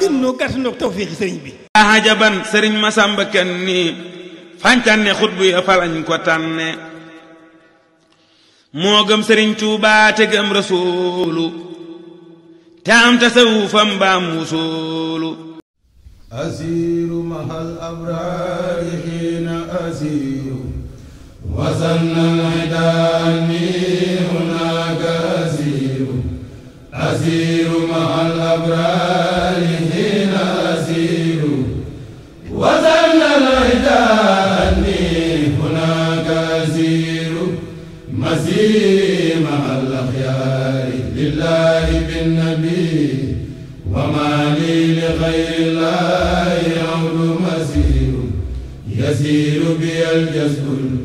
gën noo gàtt noo tawféexi sëriñ bi ajaban sëriñ Masamba Kanni nii fàncanne xutbu ya falañ ko tànne moo gëm sëriñ Tuubaa te gëm rasuulu te am tasawufam baam wusuulu asiiru mahal abraari xiina asiiru wasannaidani hunaaka asiiru asiiru mahal abraari yasiiru bi al jazbul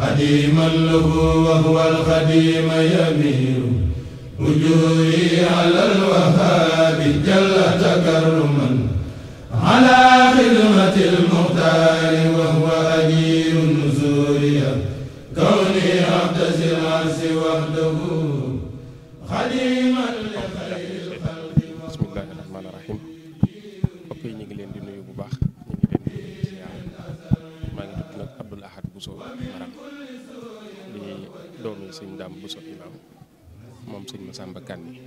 خديما له وهو الخديم يمير وجوهي على الوهاب جل تكرما على خدمة المختار وهو أجير Bousso Maram di doomi sëñ Daam Bousso moom sëñ Masamba Kanni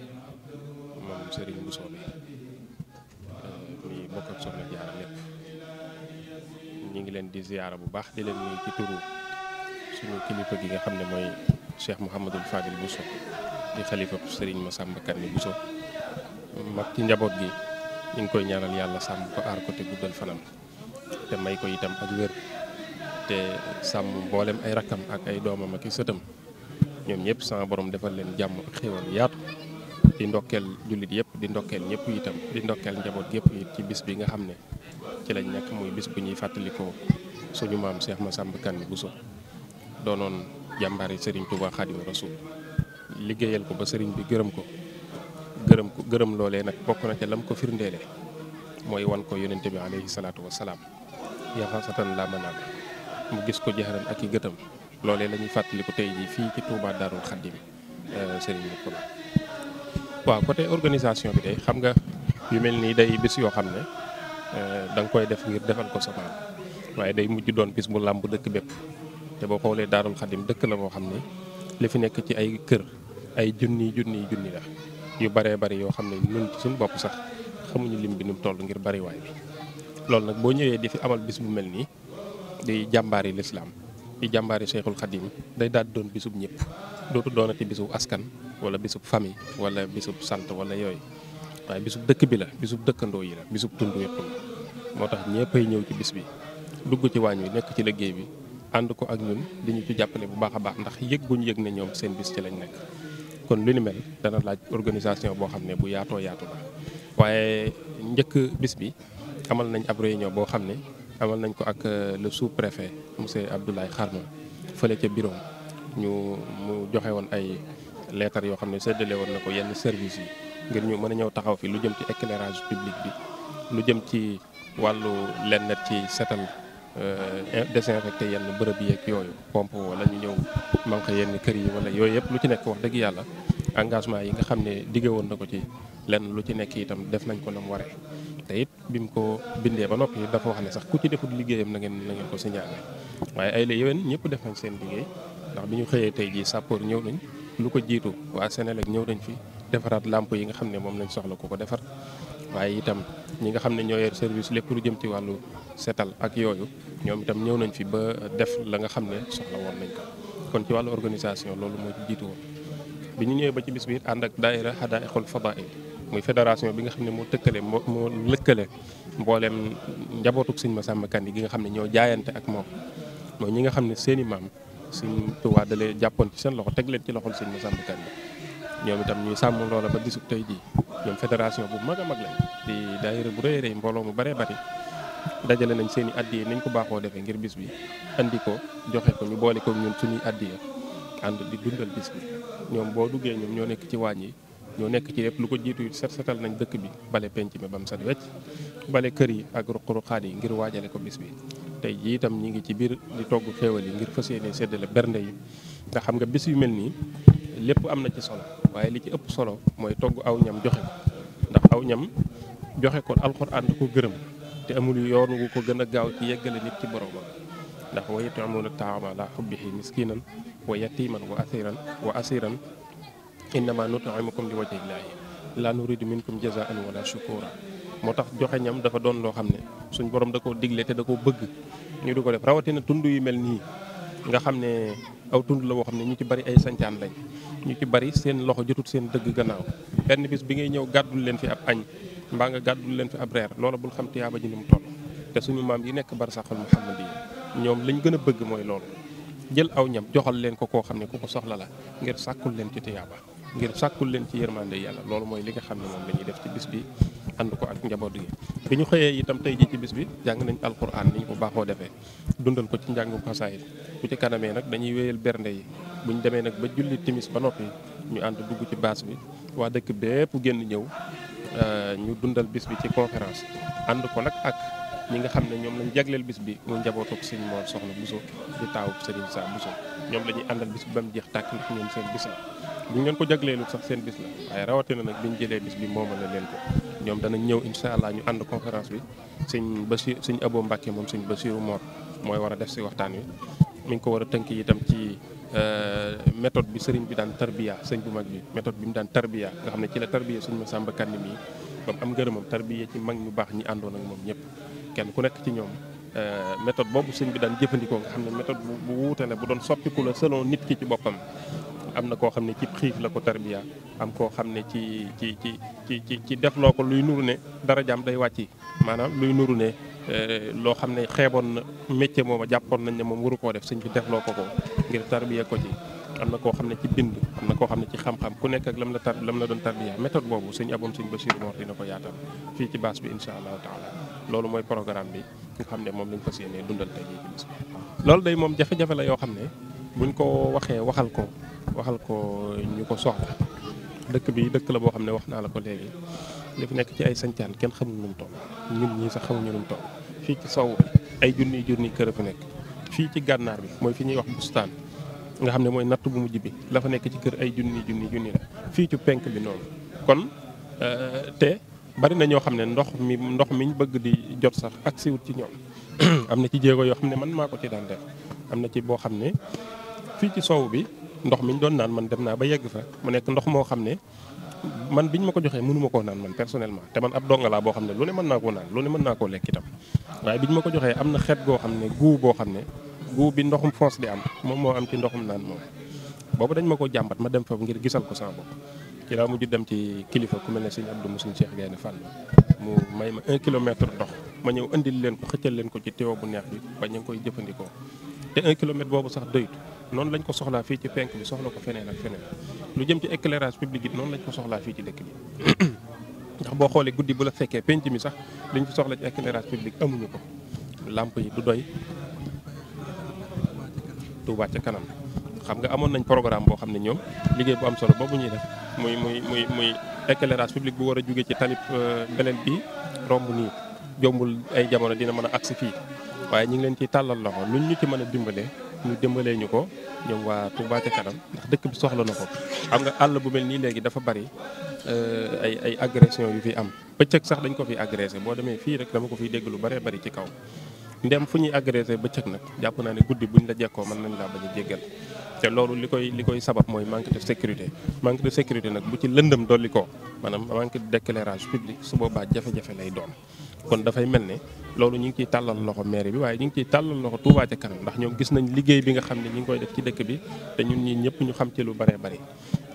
moom Serigne Bousso bi eh, mi ngi leen di ziyaara bu baax ci turu suñu kilifa gi nga xam ne mooy Cheikh Mouhamadul Fadil Bousso di xalifa Serigne Masamba Kanni Bousso mag ci njaboot gi ñu ngi koy ñaanal yàlla sàmm ko aar ko te guddal fanam te may ko itam ak wér te sàmm mboolem ay rakkam ak ay doomam ak i sëtam ñoom ñëpp sama boroom defal leen jàmm ak xéwal yaatu di ndokkeel jullit yëpp di ndokkeel ñëpp itam di ndokkeel njaboot yëpp it ci bis bi nga xam ne ci lañ nekk mooy bis bu ñuy fàttalikoo suñu maam Cheikh Massamba Kanni Bousso doonoon jàmbaari sëriñ Touba Khadim Rasoul liggéeyal ko ba Serigne bi gërëm ko gërëm ko gërëm loolee nag bokk na ca lam ko firndeele mooy wan ko yonente bi alayhi salaatu wa salaam yaxasatan laa mu gis ko jaxaran ak i gëtam loolee la ñuy fàttaliku tey yii fii ci Touba Darou Khadim euh, Serigne Mourtada waaw côté organisation bi day xam nga yu mel nii day bis yoo xam ne euh, da nga koy def ngir defal ko sa maam waaye day mujj doon bis bu làmb dëkk bépp te boo xoolee Daarul Xadim dëkk la moo xam ne li fi nekk ci ay kër ay junni junni junni la yu baree bari yoo xam ne ñun ci bopp sax xamuñu lim bi nu mu toll ngir bari waay bi loolu nag boo ñëwee di amal bis bu mel nii di jàmbaari lislaam di jàmbaari Cheikhul Khadim day daal doon bisub ñëpp dootu doonati bisub askan wala bisub famille wala bisub sant wala yooyu waaye bisub dëkk bi la bisub dëkkandoo yi la bisub tund yëpp la moo tax ñëppay ñëw ci bis bi dugg ci waañ wi nekk ci liggéey bi ànd ko ak ñun di ñu ci jàppale bu baax a baax ndax yëg guñ yëg ne ñoom seen bis ci lañ nekk kon lu ni mel dana laaj organisation boo xam ne bu yaatoo yaatu la waaye njëkk bis bi amal nañ ab réunion boo xam ne amal nañ ko ak euh, le sous-préfet monsieur Abdoulaye Kharma fële ca bureau ñu mu joxe woon ay leetar yoo xam ne séddale woon na ko yenn service yi ngir ñu mën a ñëw taxaw fii lu jëm ci éclairage public bi lu jëm ci wàllu lenn ci setal euh, désinfecté yenn bërëb yeeg yooyu pompe wala ñu ñëw manqué yenn kër yi wala yooyu yëpp lu ci nekk wax dëgg yàlla engagement yi nga xam ne digge woon na ko ci lenn lu ci nekk itam def nañ ko na mu waree te it bi mu ko bindee ba noppi dafa wax ne sax ku ci defut liggéeyam na ngeen na ngeen ko signalé waaye ay la yéwén ñëpp def nañ seen liggéey ndax bi ñu xëyee tey jii sàppoor ñëw nañ lu ko jiitu waa Sénélec ñëw nañ fi defaraat làmp yi nga xam ne moom lañ soxla ko ko defar waaye itam ñi nga xam ne ñoo yor service lépp lu jëm ci wàllu seetal ak yooyu ñoom itam ñëw nañ fi ba def la nga xam ne woon nañ ko kon ci wàllu organisation loolu moo ci jiitu bi ñu ñëwee ba ci bis bi ànd ak daaira Hadaaiqul Fadaa'il muy fédération bi nga xam ne moo tëkkale moo moo lëkkale mbooleem njabootug sëñ Massamba Kanni gi nga xam ne ñoo jaayante ak moom mooy ñi nga xam ne seen i maam sëñ Tuubaa dalee jàppoon ci seen loxo teg leen ci loxol sëñ Massamba Kanni ñoom itam ñuy sàmm loola ba gisub tey jii ñoom fédération bu mag a mag lañ di daayira bu rëy rëy mbooloo mu bëree bëri dajale nañ seeni i yi niñ ko baaxoo defee ngir bis bi andi ko joxe ko ñu boole ko ñun suñuy addiye ànd di dundal bis bi ñoom boo duggee ñoom ñoo nekk ci waañ yi ñoo nekk ci lépp lu ko jiitu set setal nañ dëkk bi bale penc mi ba mu set wecc bale kër yi ak ruq-ruqaat yi ngir waajale ko bis bi tey jiitam itam ñi ngi ci biir di togg xéewal yi ngir fas yéene séddale bernde yi nga xam nga bis yu mel nii lépp am na ci solo waaye li ci ëpp solo mooy togg aw ñam joxe ko ndax aw ñam joxe ko alxuraan ko gërëm te amul yoon wu ko gën a gaaw ci yeggale nit ci boromam ndax wa yut'imuuna taama ala hubbihi wa yatiman wa asiran wa asiran innama nut'imukum li wajhi llahi la nuridu minkum jazaan wala shukura moo tax joxe ñam dafa doon loo xam ne suñ borom da koo digle te da koo bëgg ñu di ko def rawatina tund yu mel nii nga xam ne aw tund la woo xam ne ñu ci bari ay sancaan lañ ñu ci bari seen loxo jotut seen dëgg gannaaw benn bi ngay ñëw gàddul leen fi ab añ mbaa nga gàddul leen fi ab reer loola bul xam tiyaaba ji ni mu toll te suñu maam yi nekk barsaxal muhammad yi ñoom lañ gën a bëgg mooy loolu jël aw ñam joxal leen ko koo xam ne ku ko soxla la ngir sàkkul leen ci tiyaaba ngir sàkkul leen ci yërmande yàlla loolu mooy li nga xam ne moom la ñuy def ci bis bi ànd ko ak njaboot gi bi ñu xëyee itam tey ji ci bis bi jàng nañ alquran ni ñu ko baaxoo defee dundal ko ci njàngu xasaayid bu ci kanamee nag dañuy wéyal bernde yi bu ñu demee nag ba julli timis ba noppi ñu ànd dugg ci baas bi waa dëkk bépp génn ñëw euh, ñu dundal bis bi ci conférence ànd ko ñi nga xam ne ñoom lañ jagleel bis bi mu njabootu sëñ Mor Soxna Bousso di taawu Serigne Sa Bousso ñoom la ñuy àndal bis bi ba mu jeex tàkk ndax ñoom seen bis la bu ñu leen ko jagleelu sax seen bis la waaye rawatina nag bi ñu jëlee bis bi moomal na leen ko ñoom danañ ñëw incha allah ñu ànd conférence bi sëñ Bassir sëñ Abo Mbacke moom sëñ Bassirou Mor mooy war a def si waxtaan wi mi ngi ko war a tënk itam ci euh, méthode bi sëriñ bi daan tarbiya sëñ bu mag bi méthode bi mu daan tarbiya nga xam ne ci la tarbiya sëñ Massamba Kanni mi ba mu am ngërëmam tarbiya ci mag ñu baax ñi àndoon ak moom ñëpp kenn ku nekk ci ñoom euh, méthode boobu sëñ bi daan jëfandikoo nga xam ne méthode bu wuute la bu doon soppiku la selon nit ki ci boppam am na koo xam ne ci xiif la ko tarbiya am koo xam ne ci ci ci ci ci ci def ko luy nuru ne dara jaam day wàcci maanaam luy nuru ne euh, loo xam ne xeeboon na métier mooma jàppoon nañ ne moom waru koo def sëñ bi def ko ko ngir tarbiya ko ci am na koo xam ne ci bind am na koo xam ne ci xam-xam ku nekk ak la tar lam la doon tarbiya méthode boobu sëñ aboom sëñ Basiru Mor dina ko yaatal fii ci baas bi incha allah taala loolu mooy programme bi nga xam ne moom lañ fas yéene dundal tey loolu day moom jafe-jafe la yoo xam ne buñ ko waxee waxal ko waxal ko ñu ko soxla dëkk bi dëkk la boo xam ne wax naa la ko léegi li fi nekk ci ay sancaan kenn xamul nu mu toll ñun ñii sax xamuñu nu mu fii ci sow ay junniy junniy kër a fi nekk fii ci gànnaar bi mooy fi ñuy wax bustaan nga xam ne mooy natt bu mujj bi la fa nekk ci kër ay junniy junni junni la fii ci penk bi noonu kon euh, te bari na ñoo xam ne ndox mi ndox mi ñu bëgg di jot sax ak siwut ci ñoom am na ci jéego yoo xam ne man maa ko ci daan def am na ci boo xam ne fii ci soow bi ndox miñ doon naan man dem naa ba yegg fa mu nekk ndox moo xam ne man biñ ma ko joxee mënu koo naan man personnellement te man ab donga laa boo xam ne lu ne mën naa koo naan lu ne mën naa koo lekk itam waaye ñu ma ko joxee am na xeet goo xam ne guu boo xam ne guu bi ndoxum foos di am moom moo am ci ndoxum naan moom boobu dañ ma ko jàmbat ma dem fa ngir gisal ko sama bopp ci laa mujj dem ci kilifa ku mel ne sëñ Abdou Moussa Cheikh Gaynde Fall mu may ma un kilomètre ndox ma ñëw indil leen ko xëccal leen ko ci teew bu neex bi ba ñu ngi koy jëfandikoo te un kilomètre boobu sax doyut noonu lañ ko soxlaa fii ci penk bi soxla ko feneen ak feneen lu jëm ci éclairage public it noonu lañ ko soxlaa fii ci dëkk bi ndax boo xoolee guddi bu la fekkee penc mi sax liñ fi soxla ci éclairage public amuñu ko làmp yi du doy Tuubaa ca kanam xam nga amoon nañ programme boo xam ne ñoom liggéey bu am solo boobu ñuy def muy muy muy muy éclairage public bu war a jóge ci talib mbeleel euh, bi romb nii jombul ay jamono dina mën a agsi fii waaye ñu ngi leen ciy tàllal loxo luñ ñu ci mën a dimbalee ñu dimbalee ñu ko ñoom waa Touba ca kanam ndax dëkk bi soxla na ko xam nga àll bu mel nii léegi dafa bari euh, ay ay agression yu fi am bëccëg sax dañ ko fi agressé boo demee fii rek dama ko fiy dégg lu bëree bari ci kaw ndem fu ñuy agressé bëccëg nag jàpp naa ne guddi buñ la jekkoo mën nañ laa bañ a te loolu li koy li koy sabab mooy manque de sécurité manque sécurité nag bu ci lëndëm dolli ko maanaam manque d'éclairage public su boobaa jafe-jafe lay doon kon dafay mel ne loolu ñu ngi ciy tàllal loxo maire bi waaye ñu ngi ciy tàllal loxo Touba ca kanam ndax ñoom gis nañ liggéey bi nga xam ne ñu ngi koy def ci dëkk bi te ñu ñi ñëpp ñu xam ci lu bëree bëri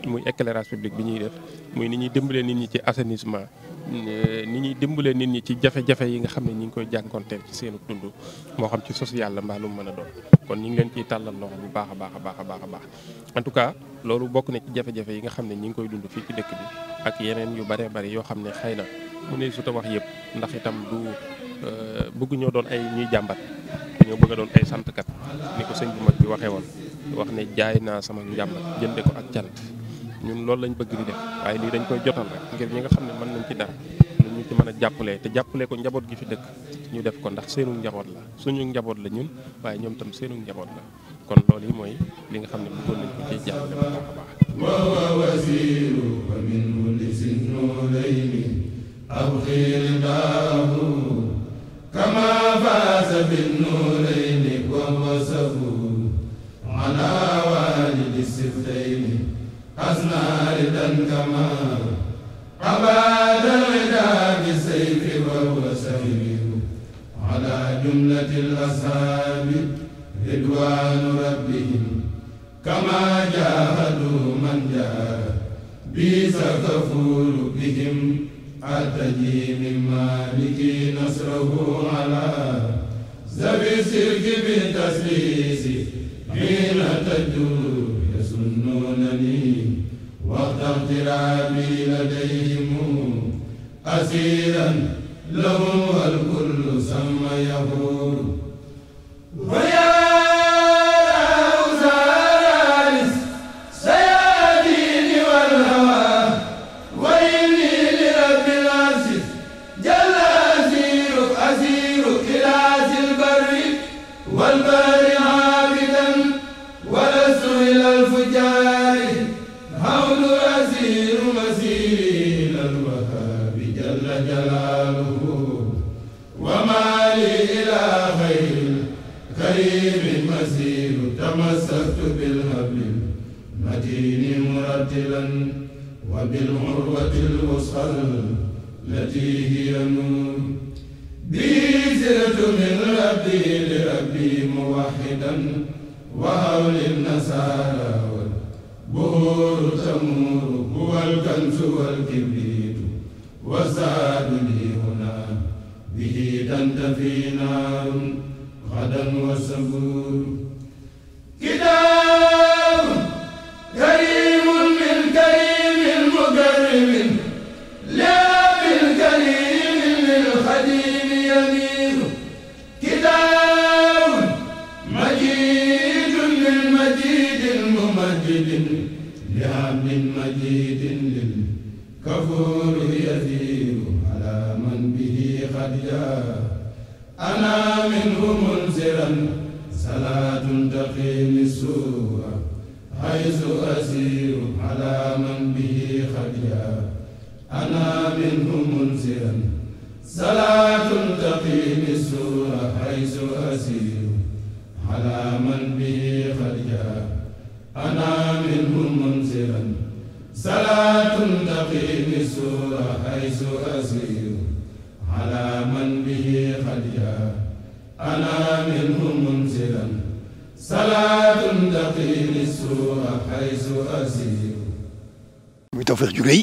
muy éclairage public bi ñuy def muy ni ñuy dimbalee nit ñi ci assainissement ni ñuy dimbalee nit ñi ci jafe-jafe yi nga xam ne ñi ngi koy jànkonteel ci seenu dund moo xam ci social la mbaa lu mu mën a doon kon ñi ngi leen ciy tàllal loxo bu baax a baax a baax a baax a baax en tout cas loolu bokk na ci jafe-jafe yi nga xam ne ñi ngi koy dund fii ci dëkk bi ak yeneen yu bare bari yoo xam ne xëy na mu ne wax yëpp ndax itam du euh, bëgg ñoo doon ay ñuy jàmbat ñoo bëgg a doon ay santkat ni ko sëñ waxee woon wax ne jaay naa sama njàmbat jënde ko ak cant loolu lañ bëgg am nañ ci dara lu ñu ci mën a jàppalee te jàppalee ko njaboot gi fi dëkk ñu def ko ndax seenu njaboot la suñu njaboot la ñun waaye ñoom tam seenu njaboot la kon loolu yi mooy li nga xam ne bëggoon nañ ko ciy jàppale bu baax a baax وهو وزير ومنه لذي النورين أبخي رضاه كما فاز بالنورين ووصفه على والد أباد الوداع بالسيف وهو سيره على جملة الأصحاب رضوان ربهم كما جاهدوا من جاهد بي سكفور بهم أتجي من مالك نصره على زبي سلك بالتسليس حين تجور يسنونني وقت اقترابي لديهم أسيرا له الكل سميه tantafi naarum xadan wa sabuur منزلا صلاة تقيم السوء حيث أسير على من به خديا أنا منه منزلا صلاة تقيم السوء حيث أسير على من به خديا أنا منه منزلا صلاة تقيم السوء حيث أسير Tawfekh ju rëy